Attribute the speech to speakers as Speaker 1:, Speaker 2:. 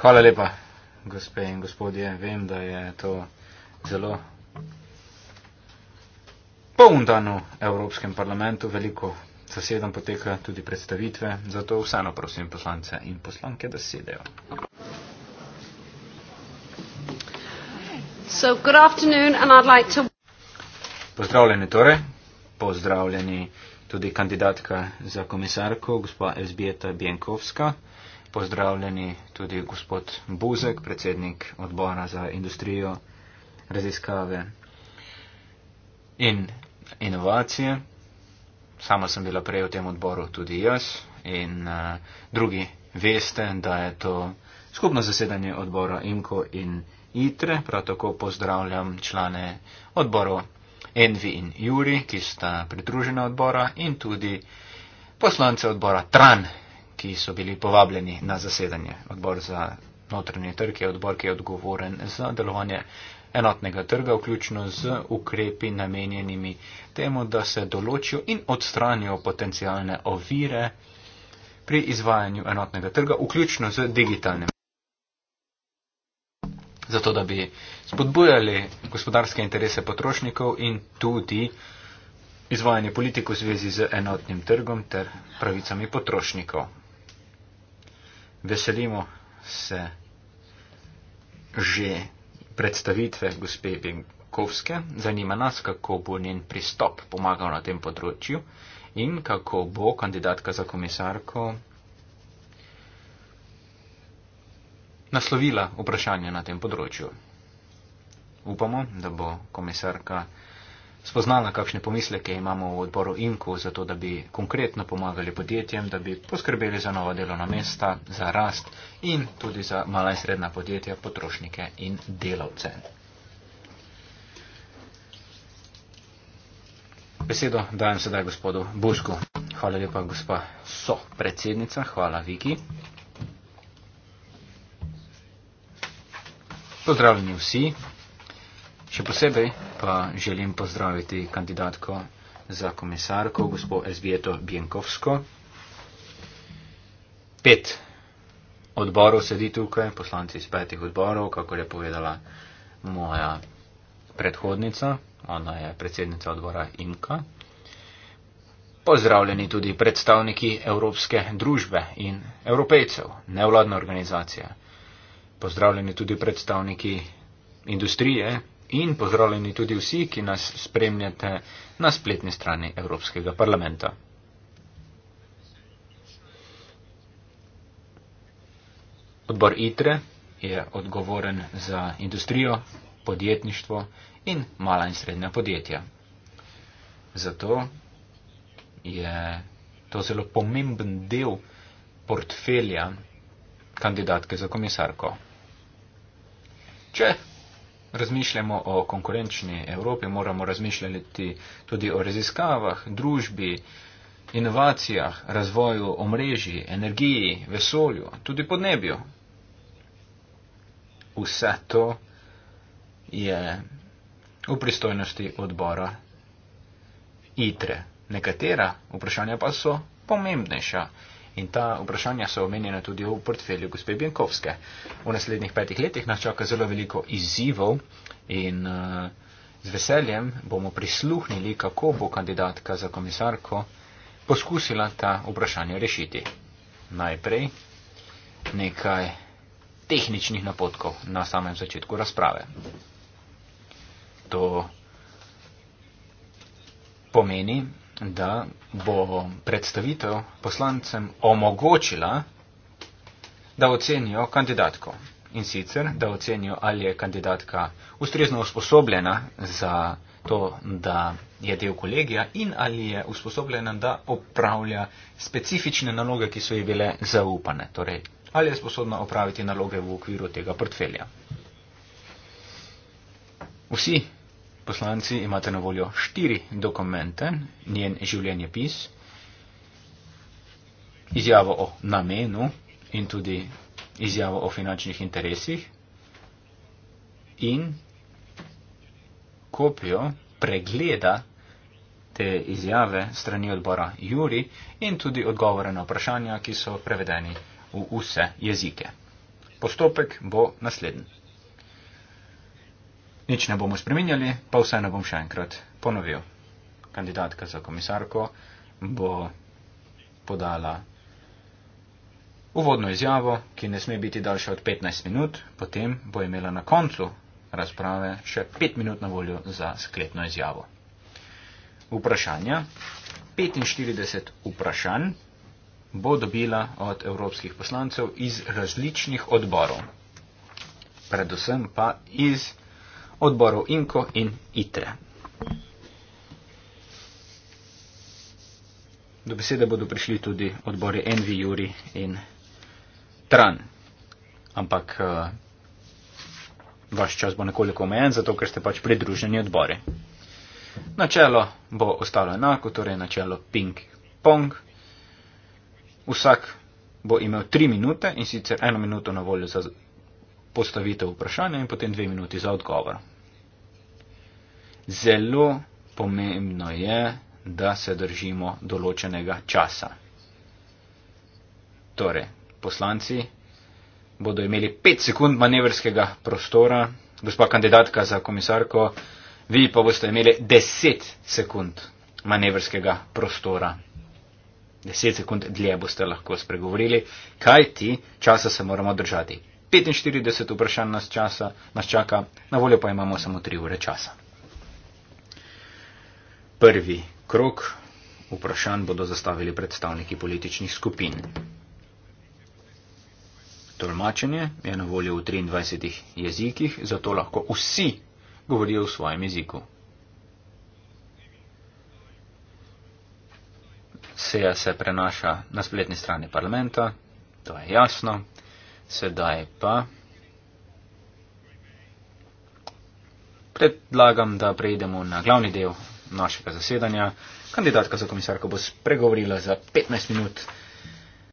Speaker 1: Hvala lepa, gospe in gospodje. Vem, da je to zelo poln dan v Evropskem parlamentu, veliko zasedam poteka tudi predstavitve, zato vseeno prosim poslance in poslanke, da sedejo. So, good afternoon, and I'd like to... Pozdravljeni torej, pozdravljeni tudi kandidatka za komisarko, gospa Elzbieta Bienkovska. Pozdravljeni tudi gospod Buzek, predsednik odbora za industrijo, raziskave in inovacije. Sama sem bila prej v tem odboru tudi jaz in uh, drugi veste, da je to skupno zasedanje odbora IMKO in ITRE. Prav tako pozdravljam člane odborov Envi in Juri, ki sta pridružena odbora, in tudi poslance odbora Tran, ki so bili povabljeni na zasedanje. Odbor za notranje trg je odbor, ki je odgovoren za delovanje enotnega trga, vključno z ukrepi namenjenimi temu, da se določijo in odstranijo potencijalne ovire pri izvajanju enotnega trga, vključno z digitalnim zato da bi spodbujali gospodarske interese potrošnikov in tudi izvajanje politik v zvezi z enotnim trgom ter pravicami potrošnikov. Veselimo se že predstavitve gospe Benkovske. Zanima nas, kako bo njen pristop pomagal na tem področju in kako bo kandidatka za komisarko naslovila vprašanje na tem področju. Upamo, da bo komisarka spoznala, kakšne pomisleke imamo v odboru INKO, zato da bi konkretno pomagali podjetjem, da bi poskrbeli za nova delovna mesta, za rast in tudi za mala in srednja podjetja, potrošnike in delavce. Besedo dajem sedaj gospodu Bušku. Hvala lepa, gospa so predsednica. Hvala, Viki. Pozdravljeni vsi, še posebej pa želim pozdraviti kandidatko za komisarko, gospo Elzbieto Bienkovsko. Pet odborov sedi tukaj, poslanci iz petih odborov, kako je povedala moja predhodnica, ona je predsednica odbora IMKA. Pozdravljeni tudi predstavniki Evropske družbe in Evropejcev, nevladne organizacije pozdravljeni tudi predstavniki industrije in pozdravljeni tudi vsi, ki nas spremljate na spletni strani Evropskega parlamenta. Odbor ITRE je odgovoren za industrijo, podjetništvo in mala in srednja podjetja. Zato je to zelo pomemben del portfelja kandidatke za komisarko. Če razmišljamo o konkurenčni Evropi, moramo razmišljati tudi o raziskavah, družbi, inovacijah, razvoju omrežji, energiji, vesolju, tudi podnebju. Vse to je v pristojnosti odbora ITRE. Nekatera vprašanja pa so pomembnejša. In ta vprašanja so omenjena tudi v portfelju gospe Bjankovske. V naslednjih petih letih nas čaka zelo veliko izzivov in uh, z veseljem bomo prisluhnili, kako bo kandidatka za komisarko poskusila ta vprašanja rešiti. Najprej nekaj tehničnih napotkov na samem začetku razprave. To pomeni, da bo predstavitev poslancem omogočila, da ocenijo kandidatko. In sicer, da ocenijo, ali je kandidatka ustrezno usposobljena za to, da je del kolegija in ali je usposobljena, da opravlja specifične naloge, ki so ji bile zaupane. Torej, ali je sposobna opraviti naloge v okviru tega portfelja. Vsi poslanci imate na voljo štiri dokumente, njen življenjepis, izjavo o namenu in tudi izjavo o finančnih interesih in kopijo pregleda te izjave strani odbora Juri in tudi odgovore na vprašanja, ki so prevedeni v vse jezike. Postopek bo naslednji nič ne bomo spremenjali, pa vseeno bom še enkrat ponovil. Kandidatka za komisarko bo podala uvodno izjavo, ki ne sme biti daljša od 15 minut, potem bo imela na koncu razprave še 5 minut na voljo za skletno izjavo. Vprašanja. 45 vprašanj bo dobila od evropskih poslancev iz različnih odborov, predvsem pa iz odborov Inko in Itre. Do besede bodo prišli tudi odbori Envi, Juri in Tran. Ampak eh, vaš čas bo nekoliko omejen, zato ker ste pač pridruženi odbori. Načelo bo ostalo enako, torej načelo ping-pong. Vsak bo imel tri minute in sicer eno minuto na voljo za postavitev vprašanja in potem dve minuti za odgovor. Zelo pomembno je, da se držimo določenega časa. Torej, poslanci bodo imeli pet sekund manevrskega prostora, gospa kandidatka za komisarko, vi pa boste imeli deset sekund manevrskega prostora. Deset sekund dlje boste lahko spregovorili, kaj ti časa se moramo držati. 45 vprašanj nas, časa, nas čaka, na voljo pa imamo samo 3 ure časa. Prvi krok vprašanj bodo zastavili predstavniki političnih skupin. Tolmačenje je na voljo v 23 jezikih, zato lahko vsi govorijo v svojem jeziku. Seja se prenaša na spletni strani parlamenta, to je jasno, Sedaj pa predlagam, da prejdemo na glavni del našega zasedanja. Kandidatka za komisarko bo spregovorila za 15 minut.